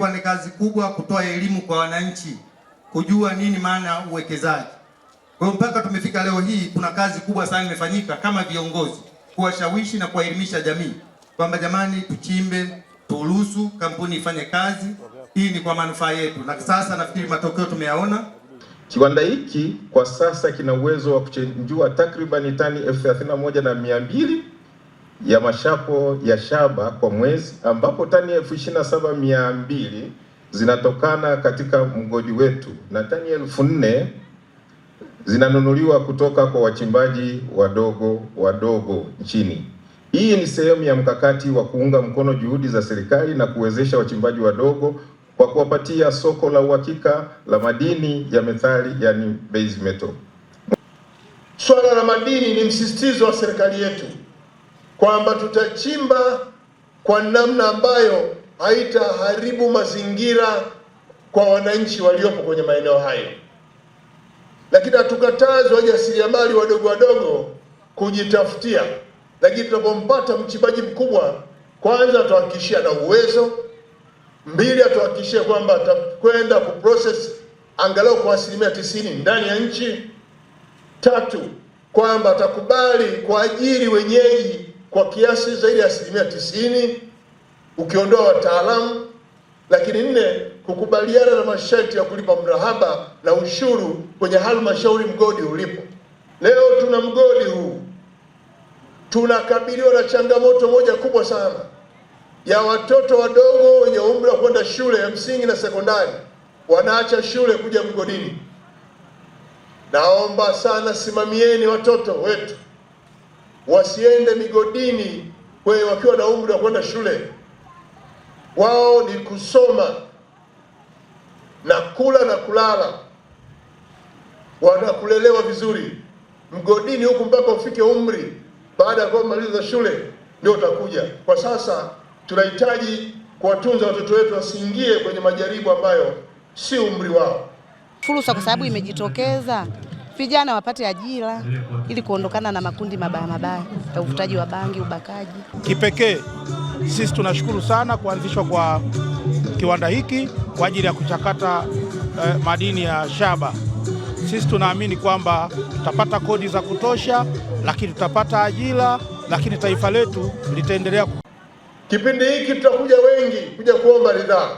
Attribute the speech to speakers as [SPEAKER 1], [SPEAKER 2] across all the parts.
[SPEAKER 1] Ilikuwa ni kazi kubwa kutoa elimu kwa wananchi kujua nini maana ya uwekezaji. Kwa hiyo mpaka tumefika leo hii, kuna kazi kubwa sana imefanyika kama viongozi kuwashawishi na kuwaelimisha jamii kwamba jamani, tuchimbe, turuhusu kampuni ifanye kazi. Hii ni kwa manufaa yetu, na sasa nafikiri matokeo tumeyaona.
[SPEAKER 2] Kiwanda hiki kwa sasa kina uwezo wa kuchenjua takribani tani elfu thelathini na moja na mia mbili ya mashapo ya shaba kwa mwezi ambapo tani elfu ishirini na saba mia mbili zinatokana katika mgodi wetu na tani elfu nne zinanunuliwa kutoka kwa wachimbaji wadogo wadogo nchini. Hii ni sehemu ya mkakati wa kuunga mkono juhudi za serikali na kuwezesha wachimbaji wadogo kwa kuwapatia soko la uhakika la madini ya metali, yani base metal.
[SPEAKER 1] Swala la madini ni msisitizo wa serikali yetu kwamba tutachimba kwa namna ambayo haitaharibu mazingira kwa wananchi waliopo kwenye maeneo hayo, lakini hatukatazwi wajasiriamali wadogo wadogo kujitafutia, lakini tunapompata mchimbaji mkubwa, kwanza atuhakikishia na uwezo, mbili atuhakikishie kwamba atakwenda kuprocess angalau kwa asilimia tisini ndani ya nchi, tatu kwamba atakubali kuajiri wenyeji kwa kiasi zaidi ya asilimia tisini ukiondoa wataalamu. Lakini nne, kukubaliana na masharti ya kulipa mrahaba na ushuru kwenye halmashauri mgodi ulipo. Leo tuna mgodi huu, tunakabiliwa na changamoto moja kubwa sana ya watoto wadogo wenye umri wa kwenda shule ya msingi na sekondari, wanaacha shule kuja mgodini. Naomba sana, simamieni watoto wetu wasiende migodini kwe wakiwa na umri wa kwenda shule, wao ni kusoma na kula na kulala, wanakulelewa vizuri. Mgodini huku mpaka ufike umri, baada ya kumaliza shule ndio utakuja. Kwa sasa tunahitaji kuwatunza watoto wetu wasiingie kwenye majaribu ambayo si umri wao.
[SPEAKER 3] Fursa kwa sababu imejitokeza vijana wapate ajira ili kuondokana na makundi mabaya mabaya ya uvutaji wa bangi, ubakaji.
[SPEAKER 4] Kipekee sisi tunashukuru sana kuanzishwa kwa kiwanda hiki kwa ajili ya kuchakata eh, madini ya shaba. Sisi tunaamini kwamba tutapata kodi za kutosha, lakini tutapata ajira, lakini taifa letu litaendelea.
[SPEAKER 1] Kipindi hiki tutakuja wengi kuja kuomba ridhaa,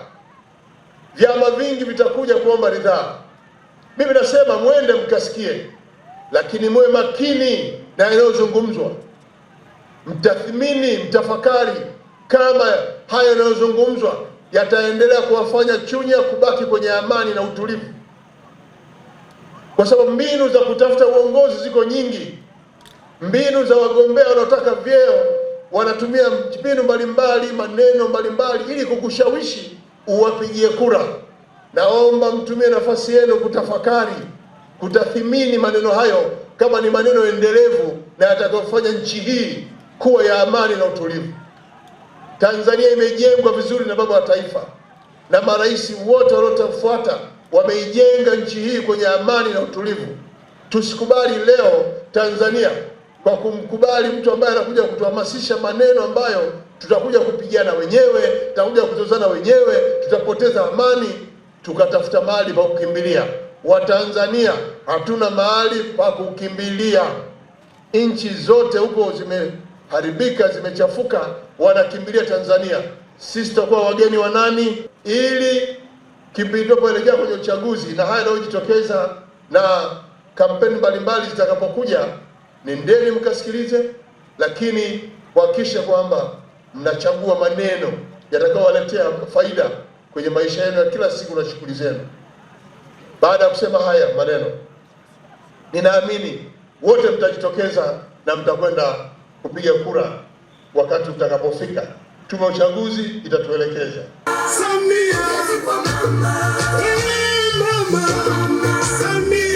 [SPEAKER 1] vyama vingi vitakuja kuomba ridhaa. Mimi nasema mwende mkasikie, lakini muwe makini na yanayozungumzwa, mtathmini, mtafakari kama haya yanayozungumzwa yataendelea kuwafanya Chunya kubaki kwenye amani na utulivu, kwa sababu mbinu za kutafuta uongozi ziko nyingi. Mbinu za wagombea wanaotaka vyeo wanatumia mbinu mbalimbali, maneno mbalimbali, ili kukushawishi uwapigie kura. Naomba mtumie nafasi yenu kutafakari, kutathimini maneno hayo kama ni maneno endelevu na yatakayofanya nchi hii kuwa ya amani na utulivu. Tanzania imejengwa vizuri na baba wa taifa na marais wote waliotafuata wameijenga nchi hii kwenye amani na utulivu. Tusikubali leo Tanzania kwa kumkubali mtu ambaye anakuja kutuhamasisha maneno ambayo tutakuja kupigana wenyewe, tutakuja kutozana wenyewe, tutapoteza amani tukatafuta mahali pa kukimbilia. Watanzania hatuna mahali pa kukimbilia. Nchi zote huko zimeharibika, zimechafuka, wanakimbilia Tanzania. Sisi tutakuwa wageni wa nani? Ili kipindi tunapoelekea kwenye uchaguzi na haya yanayojitokeza na kampeni mbalimbali zitakapokuja, nendeni mkasikilize, lakini kuhakikisha kwamba mnachagua maneno yatakayowaletea faida kwenye maisha yenu ya kila siku na shughuli zenu. Baada ya kusema haya maneno, ninaamini wote mtajitokeza na mtakwenda kupiga kura wakati utakapofika. Tume ya uchaguzi itatuelekeza. Samia, mama, Mama, Samia.